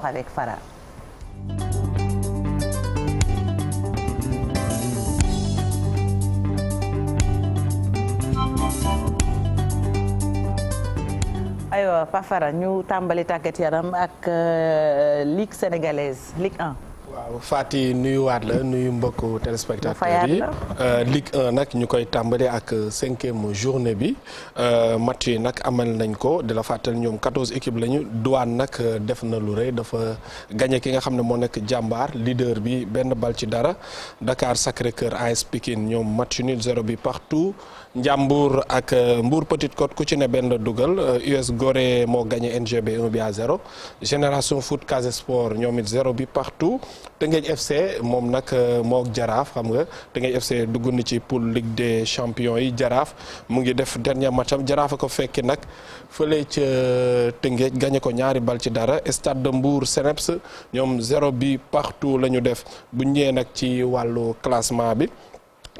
avec Farah. aywa ñu tàmbali tàggat yaram ak euh, Ligue sénégalaise Ligue 1. waaw Faty nuyuwaat la nuyu mbokku téléspectateurs yi euh, Ligue 1 nag ñu koy tàmbali ak cinquième journée bi euh, match yi nag amal nañ ko di la fàttali ñoom quatorze équipes lañu Douane nag euh, def na lu rëy dafa gañe ki nga xam ne moo nekk jàmbaar leader bi benn bal ci dara Dakar Sacré-Cœur AS ñoom ñoom yu nul zéro bi partout Ndiambour ak euh, Mbour Petite Côte ku ci ne benn dugal US euh, Gorée moo gagné NGB 1 bi à Génération Foot Casa Sport ñoom it bi partout Teungueth FC moom nag euh, moo Jaraaf xam nga Teungueth FC dugg na ci poule Ligue de champions yi Jaraaf mu ngi def dernier match am Jaraaf a ko fekki nag fële ca Teungueth gagné ko ñaari bal ci dara Stade de Mbour Seneps ñoom 0 bi partout la ñu def buñ ñëwee nag ci wàllu classement bi.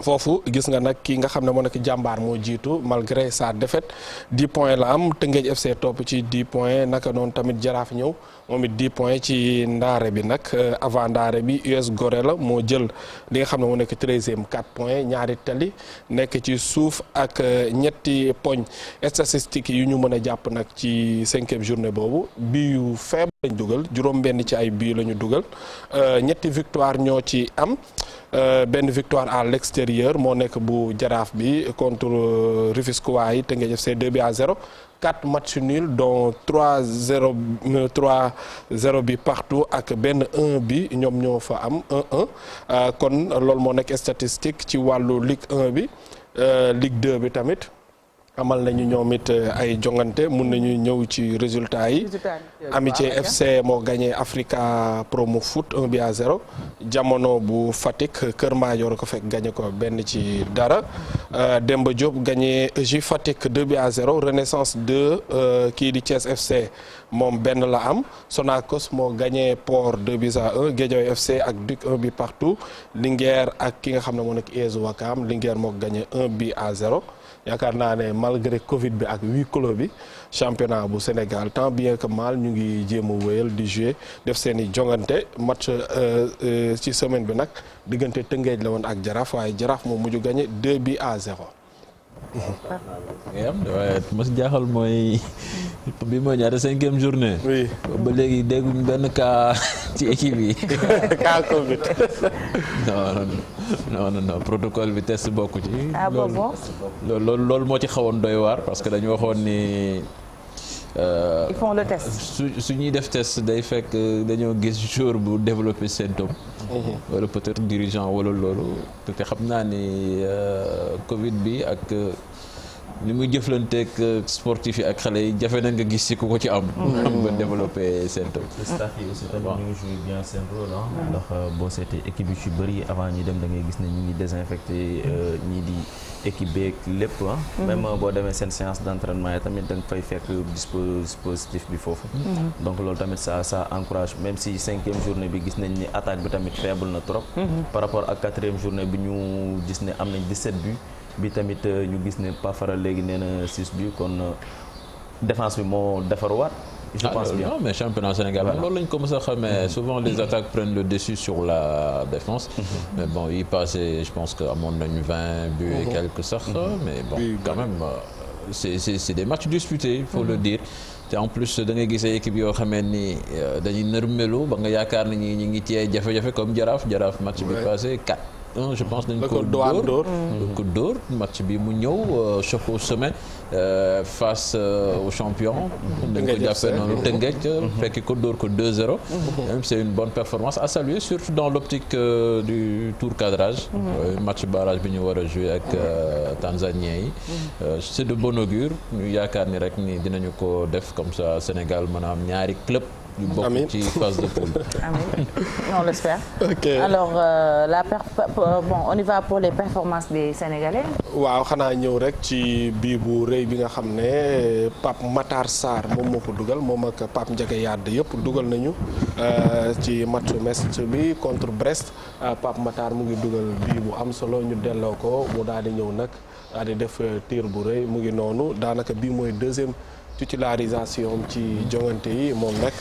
foofu gis nga nag ki nga xam ne moo nekk jàmbaar moo jiitu malgré sa défaite 10 points la am Tëngéej FC topp ci 10 points naka noonu tamit jaraaf ñëw moom it 10 points ci ndaare bi nag euh, avant ndaare bi US gore la moo jël li nga xam ne moo nekk 13e 4 points ñaari tali nekk ci suuf ak euh, ñetti poñ statistiques yu ñu mën a jàpp nag ci cinquième journée boobu bi yu faible lañ dugal juróom-benn ci ay bii la ñu dugal euh, ñetti victoire ñoo ci am. Euh, benn victoire à l'extérieur moo nekk bu jaraaf bi contre euh, Rufisquois yi Teungueth FC 2 bi à 0 quatre matchs nuls dont 3 0 3 bi partout ak benn 1 bi ñoom ñoo fa am 1 euh, kon loolu moo nekk statistique ci wàllu Ligue 1 bi Ligue 2 bi tamit amal nañu ñoom it euh, ay jongante mun nañu ñëw ci résultat yi euh, amitié fc moo gañee africa promo foot 1 bi à 0 jamono bu fatick kër maajoor ko fekk gañe ko benn ci dara euh, demba diop gagné ju fatick 2 bi à 0 renaissance 2 kii di thiès fc moom benn la am Sonacos moo gagné Port 2 buts à 1 Guédiawaye FC ak Duc 1 bi partout Linguère ak ki nga xam ne moo nekk US Ouakam Linguère moo gagné 1 bi à 0 yaakaar naa ne malgré Covid bi ak huis clos bi championnat bu Sénégal tant bien que mal ñu ngi jéem a wéyal di jouer def seen i jongante match euh, euh, ci semaine bi nag diggante Tëngéej la woon ak Jaraaf waaye Jaraaf moom mujj gagné 2 bi à 0. ngay am waaye mos jaaxal mooy bi mooy ñaata cinquième journée. ba léegi dégguñ benn kaa ci équipe yi. cas Covid. non non non non protocole bi test bokku ci. Ah, loolu loolu moo ci xawoon doy waar parce que dañu waxoon ni. Euh, ils font su su ñuy def test day fekk euh, dañoo gis jour bu développé symptôme mhm. wala peut-être dirigeant wala loolu te xam naa ni euh, Covid bi ak. ni muy jëflanteeg euh, sportif yi ak xale yi jafe na nga gis si ku ko ci am. am mm-hmm. nga développé seen taw. staff yi aussi tamit ñu ngi joué bien seen ndax euh, boo seetee équipe yu ci bëri avant ñuy dem da ngay gis ne ñu ngi désinfecté euh, ñii di équipe beeg lépp ah. même boo demee seen séance d' entraînement yi tamit da nga fay fekk dispositif bi foofu. Mm-hmm. donc loolu tamit ça ça encourage même si cinquième journée bi gis nañ ni attaque bi tamit faible na trop. par rapport ak quatrième journée bi ñu gis ne am nañ 17 bi bi tamit euh, ñu gis ne Pafara léegi nee na 6 bi kon euh, défense bi moo defar je ah, pense ah, bien non mais championnat Sénégal voilà. loolu lañ ko mos a xamee mm-hmm. souvent les mm-hmm. attaques prennent le dessus sur la défense. Mm-hmm. mais bon yi passé je pense que amoon nañu 20 buts et oh, quelques sax. mais bon quand même c'est c'est c'est des matchs disputés il faut le dire. te en plus da ngay gis ay équipe yoo xamee ni dañuy nërmelu ba nga yaakaar ni ñi ngi ñu ay jafe-jafe comme Jaraaf Jaraaf match bi passé 4. je pense dañ ko dóor dañ ko dóor match bi mu ñëw euh, choc au sommet euh, face euh, au champion dañ ko jàppee noonu Tëngéej mhm. fekki ko dóor ko deux 0 même c'est une bonne performance à saluer surtout dans l'optique du tour cadrage mhm. match barrage bi ñu war a jouer ak mhm. tanzanien yi c'est de bon augure ñu yaakaar ni rek ni dinañu ko def comme ça Sénégal mën am ñaari club ñu bokk ci phase de poule. l'espère. ok alors euh, la per bon on y va pour les performances des Sénégalais. waaw xanaa ñëw rek ci bii bu rëy bi nga xam ne Pape Matar Sarr moom moo ko dugal moom ak Pape Ndiaga yàdd yëpp dugal nañu euh, ci matchu Metz bi contre Brest euh, Pape Matar mu ngi dugal bii bu am solo ñu delloo ko mu daal di ñëw nag daal di def tir bu rëy mu ngi noonu daanaka bii mooy deuxième. titularisation ci jongante yi moom nag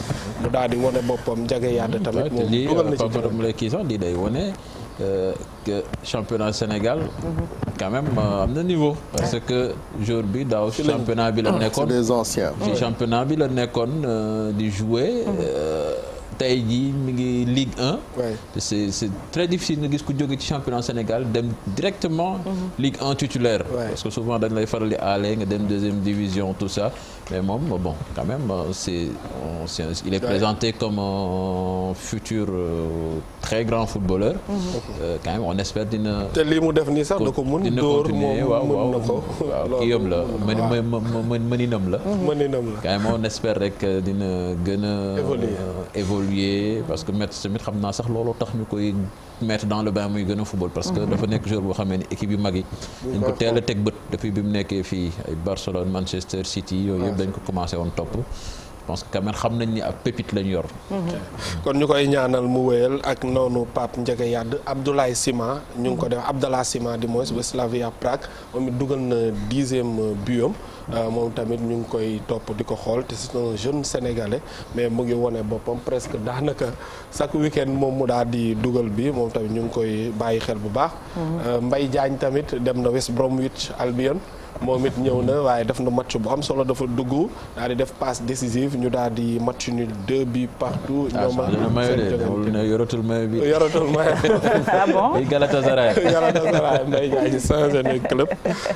mu daal di wane boppam Ndiaga Yade tamit moom dugal na ci boppam di day wane euh, que championnat Sénégal mhm. quand même euh, am na niveau parce que jour bi daaw ah, championnat bi la nekkoon des anciens ci championnat bi la nekkoon di jouer mhm. euh, tey jii mi ngi Ligue 1. waay c'est c'est très difficile nga gis ku jóge ci championnat Sénégal dem directement. Mhm. Ligue 1 titulaire. parce que souvent dañ lay faral di aale nga dem deuxième division tout ça mais moom bon quand même euh, c'est on c'est il est présenté comme futur euh, très grand footballeur. Mhm. Euh, quand même on espère dina. te lii mu def continuer quand même on espère rek dina gën a. évoluer parce que Metz tamit xam naa sax looloo tax ñu koy mettre dans le bain muy gën football. parce que mm-hmm. dafa nekk joueur boo xamee ni équipe yu mag yi. dañ ko teel teg bët depuis bi mu nekkee fii ay Barcelone Manchester City yooyu yëpp dañ ko commencé woon topp. parce que quand xam nañ ni ab pépite lañ yor. kon ñu koy ñaanal mu wéyal ak noonu Pape Ndiaga Yade Abdoulaye Sima. ñu ngi ko def Abdallah Sima di moins ba Slavia Prague moom it dugal na dixième buyam euh, moom tamit ñu ngi koy topp di ko xool te c'est un jeune sénégalais mais mu ngi wone boppam presque daanaka chaque week-end moom mu daal di dugal bi moom tamit ñu ngi koy bàyyi xel bu baax. Mhm. Euh, mbay Diagne tamit dem na West Bromwich Albion. moom it ñëw na waaye def na match bu am solo dafa dugg daal di def passe décisive ñu daal di match nul de bi partout. Ah, ñoom ak seen jogante ah yoratul maillot bi yoratul maillot. ah bon ay Galatasaray. Galatasaray Mbaye Ndiaye na club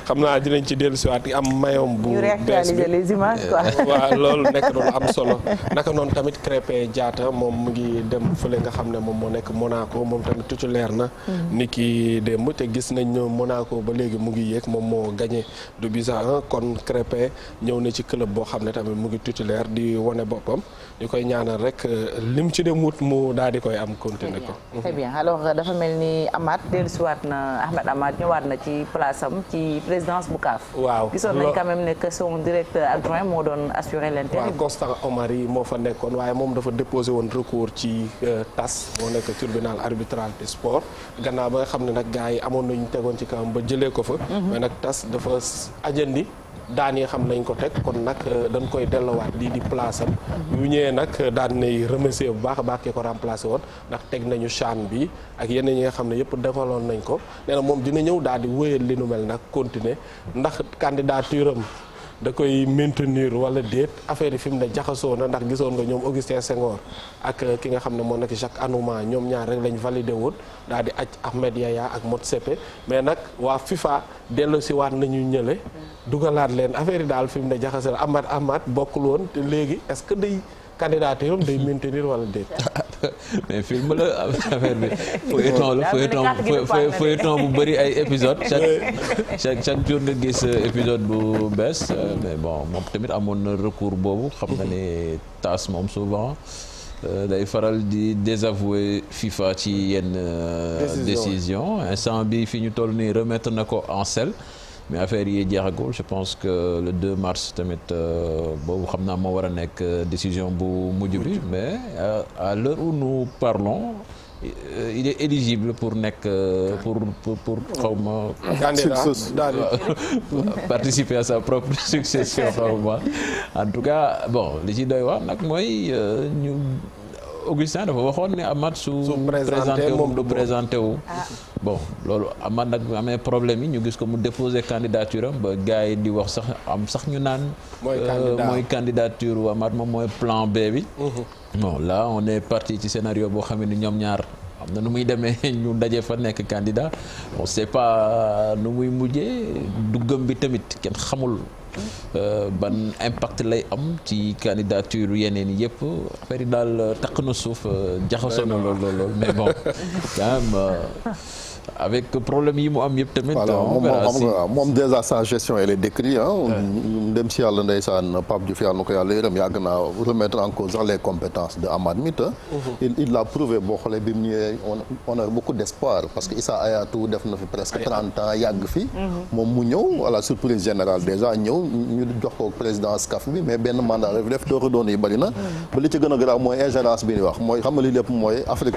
xam naa dinañ ci dellusiwaat am mayom bu. bees bi ñu réactualiser les images quoi. waaw loolu nekk na lu am solo naka noonu tamit Krépin Diatta moom mu ngi dem fële nga xam ne moom moo nekk Monaco moom tamit tuuti leer na. Mm-hmm. ni ki démb te gis nañ Monaco ba léegi mu ngi yéeg moom moo gagné. du Bizarin kon Crépin ñëw na ci club boo xam ne tamit mu ngi titulaire di wane boppam ñu koy ñaanal rek euh, lim ci dem wut mu daal di koy am continuer ko. très bien euh, dafa mel ni Amath dellusiwaat na Ahmed Amath ñëwaat na ci place am ci présidence bu CAF. waaw gisoon nañ quand même ne que son directeur moo doon assurer l'intérim. waaw Constant Omari moo fa nekkoon waaye moom dafa déposé woon recours ci euh, TAS moo nekk tribunal arbitral du sport gannaaw ba xam ne nag gars yi amoon nañu tegoon ci kawam ba jëlee ko fa. Mhm. mais nag ajandi daan yi xam nañ ko teg kon nag euh, dañ koy dellowaat lii di place am. bu mhm. ñëwee nag daan nay remercier bu baax a baax kee ko remplacé woon ndax teg nañu chan bi ak yeneen yi nga xam ne yëpp defaloon nañ ko nee na moom dina ñëw daal di wéyal li nu mel nag continuer ndax candidature da koy maintenir wala déet affaire yi fi mu ne jaxasoo na ndax gisoon nga ñoom Augustin Senghor ak euh, ki nga xam ne moo nekk Jacques Anouma ñoom ñaar rek lañ validé woon daal di aj Ahmed Yaya ak Motsepe mais nag waa FIFA delloosiwaat nañu ñële dugalaat leen affaire yi daal fi mu ne jaxasoo na Amad Amad bokkul woon te léegi est-ce que day. candidature am day maintenir wala déet. mais film la affaire bi la feuilleton feuilleton bu bëri ay épisode chaque chaque jour nga gis euh, épisode bu bees euh, mais bon moom tamit amoon na recours boobu xam nga ne tas moom souvent euh, day faral di désavouer FIFA ci yenn décision instant bi fi ñu toll nii remettre na ko en selle mais affaire yi jeexagul je pense que le 2 mars tamit euh, boobu xam naa moo war a nekk euh, décision bu mujj bi mais euh, à l'heure où nous parlons il est éligible pour nekk pour pour xawma participer à sa propre succession xawma en tout cas bon li ci doy wax nag mooy ñu Augustin dafa waxoon ne Amath su présenté moom du présenté wu ah. bon loolu amaan nag amee problème yi ñu gis ko mu déposé candidature am ba gars yi di wax sax am sax ñu naan. mooy euh, candidature amaat moom mooy plan B bi. Mhm. bon là on est parti ci scénario boo xam ni ñoom ñaar. xam na nu muy demee ñu daje fa nekk candidat on sait pas euh, nu muy mujjee duggam bi tamit kenn xamul Euh, ban impact lay am ci candidature yeneen yëpp affaire yi daal euh, takk na suuf euh, jaxasoo na lool lool mais bon quand même avec problème yi mu am yëpp tamit. on verra si moom déjà sa gestion elle est décrite ah. dem si yàlla ndeysaan Pape Diouf yàlla na ko yàlla yërëm yàgg naa en cause les compétences de Amad Mit. il il l' a prouvé boo xoolee bi mu ñëwee on a beaucoup d' espoir parce que Issa Ayatou def na fi presque 30 yàgg fi. moom mu ñëw à surprise générale déjà ñëw. ñu jox ko président SCAF bi mais benn mandat la def doo ko gën a garaaw mooy ingérence bi ñuy wax mooy xam nga mooy Afrique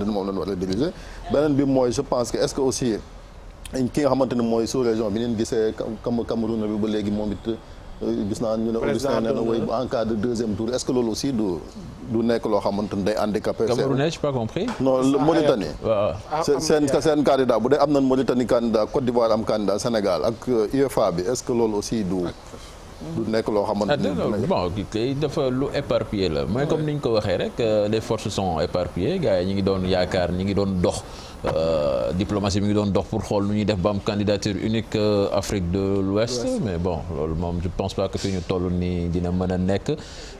xamante ni moom lañu war a diriger beneen bi mooy je pense que est-ce que ki nga xamante ni mooy sous-région bi ngeen gisee Cameroun bi ba léegi moom it euh, gis naa ñu a Augustin nee en cas de deuxième tour est-ce loolu aussi du nekk loo xamante ni day handicapé Camerounais j'ai pas compris non Mauritanie ah, seen seen bu dee am nañ Mauritanie candidat Côte d'Ivoire am candidat Sénégal ak UEFA euh, bi est-ce que loolu aussi du du nekk loo xamante ah, ne bon kay dafa lu éparpillé la mooy comme ni ñu ko waxee rek euh, les forces sont éparpillées gars yi ñi ngi doon yaakaar ñi ngi doon dox Euh, diplomatie mi ngi doon dox pour xool nu ñuy def ba am candidature unique euh, Afrique de l'Ouest mais bon loolu moom je pense pas que fi ñu toll nii dina mën a nekk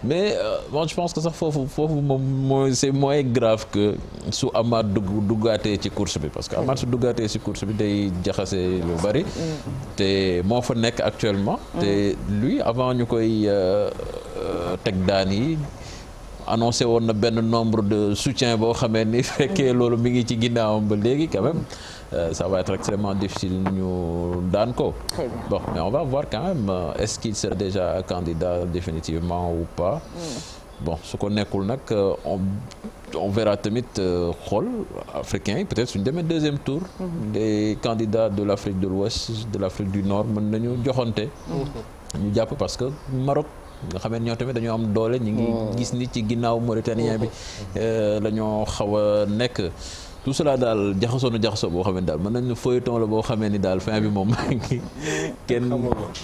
mais bon euh, je pense que foofu foofu moom mooy c'est moins grave su amaat dugg duggaatee ci course bi parce que mm. amaat su duggaatee ci course bi day jaxase lu bari mm. te moo fa nekk actuellement te mm. lui avant ñu koy teg daan yi annoncé woon na benn nombre de soutien boo xamee ni fekkee loolu mu ngi ci ginnaawam ba léegi quand même euh, ça va être extrêmement difficile ñu daan ko bon mais on va voir quand même euh, est-ce qu'il sera déjà candidat définitivement ou pas mm. su ko nekkul nag euh, on on verra tamit xool africain yi peut-être suñu demee deuxième tour des mm-hmm. candidats de l'Afrique de l'Ouest de l'Afrique du Nord mën nañu joxante mm-hmm. ñu jàpp parce que Maroc nga xam ne ñoo tamit dañoo am doole. ñu ngi mm. gis nit ci ginnaaw mauritanien bi. Mm-hmm. Euh, la ñoo xaw a nekk. tout cela daal jaxasoo na jaxasoo boo xam ne daal mën nañu feuilleton la boo xamee ni daal fin bi moom kenn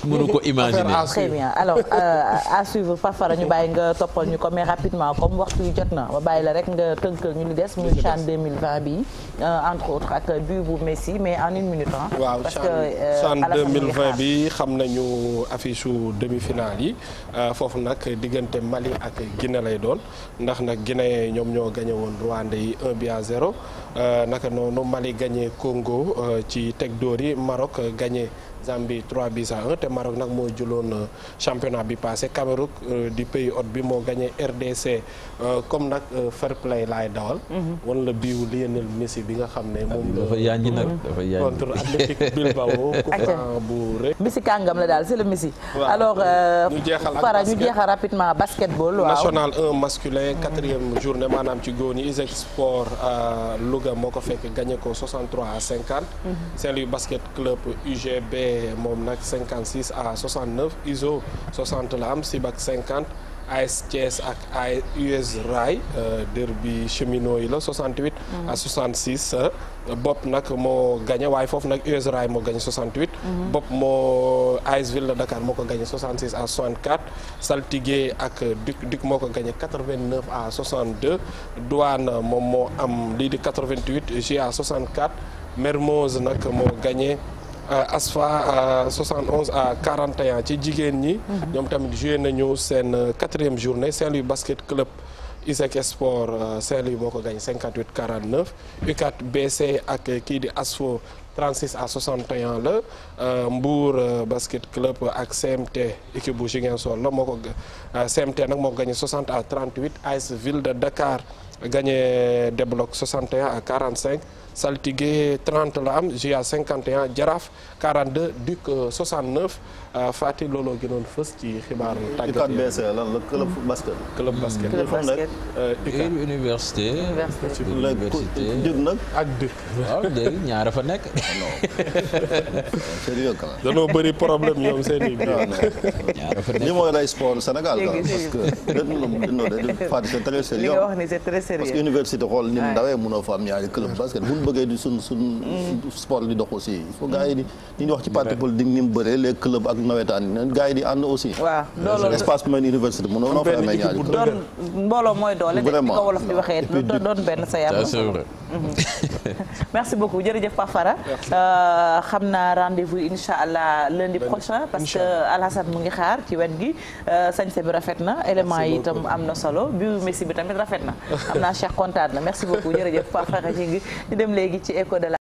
mënu ko imaginer. très bien alors euh, à ñu bàyyi nga toppal ñu ko mais rapidement comme waxtu yi jot na ma bàyyi la rek nga tënkal ñu li des muy CHAN euh, ak bu Messi mais en une minute ah. waaw CHAN 2020 euh, bi xam nañu affiche su demi-finale yi foofu nag diggante Mali ak Guinée lay doon ndax nag Guinée ñoom ñoo gagné woon Rwanda yi 1 bi à 0. Euh, naka noonu Mali gagné Congo euh, ci teg dóor yi Maroc gagné Zambie 3 buts à 1 te Maroc nag moo jëloon euh, championnat bi passé Cameroun di pays hôte bi moo gagné RDC comme nag fair play laay dawal. Mhm. wan la biiw Lionel Messi bi nga xam ne moom. dafa yaaññi nag dafa yaaññi contre Athletic Bilbao. Messi alors ñu ñu jeexal rapidement basketball. waaw national 1 masculin quatrième journée maanaam ci góor ñi Iseg Sport Louga. Louga moo ko fekk gagné ko 63 a 50. Saint-Louis basket club UGB moom nag 56 à 69 ISO 60 la am Sibac 50. AS Thiès ak ay US Rail euh, derby cheminot yi la 68 mm. à euh, bopp nag moo gagné waaye foofu nag US Rail moo gagné 68 mm-hmm. bopp moo AS Ville de Dakar moo ko gagné 66 à ak Duc Duc moo ko gagné 89 Douane moo am lii di 88 GA 64 Mermoz moo gagné Euh, ASFA 71 euh, à 41 ci jigéen ñi. Mhm. ñoom tamit joué nañu seen euh, quatrième journée Saint-Louis basket club. ISEC Sport Saint-Louis moo ko gañ 58 49 U4 BC ak kii di ASFO 36 à 61 la Mbour basket club ak CMT équipe bu Ziguinchor la moo ko CMT nag moo ko gañ 60 à 38 AS Ville de Dakar. Gagné débloque 61 à 45 Saltigué 30 la am Gia 51 Jaraaf 42 Duc 69 Fatick looloo gënoon fës ci xibaar tàggat yi. la club basket. club basket club basket. université. université Duc nag ak Duc. waaw fa nekk. sérieux quand même. danoo bëri problème ñoom seen i biir. ñaara fa nekk li mooy lay sport Sénégal. parce que dégg nga li nga wax ni c'est très sérieux parce que université xool ni mu ndawee mënoo fa am ñaari club basket bu ñu bëggee di suñ suñ mm. sport di dox aussi il faut gars yi di li ñu wax ci parti politique ni mu bëree les clubs ak nawetaan yi yi di ànd aussi mbooloo mooy doole de ko wolof di waxee doon benn sa yàlla c'est vrai mhm. merci beaucoup jërëjëf Pafara euh, xam naa rendez-vous insha allah lundi prochain parce que Alassane mu ngi xaar ci wet gi euh, sañse bi rafet na élément yi itam am na solo bi Messi bi tamit xam naa Cheikh kontaan na merci beaucoup jërëjëf Pape Kharagne ñu dem léegi ci écho de la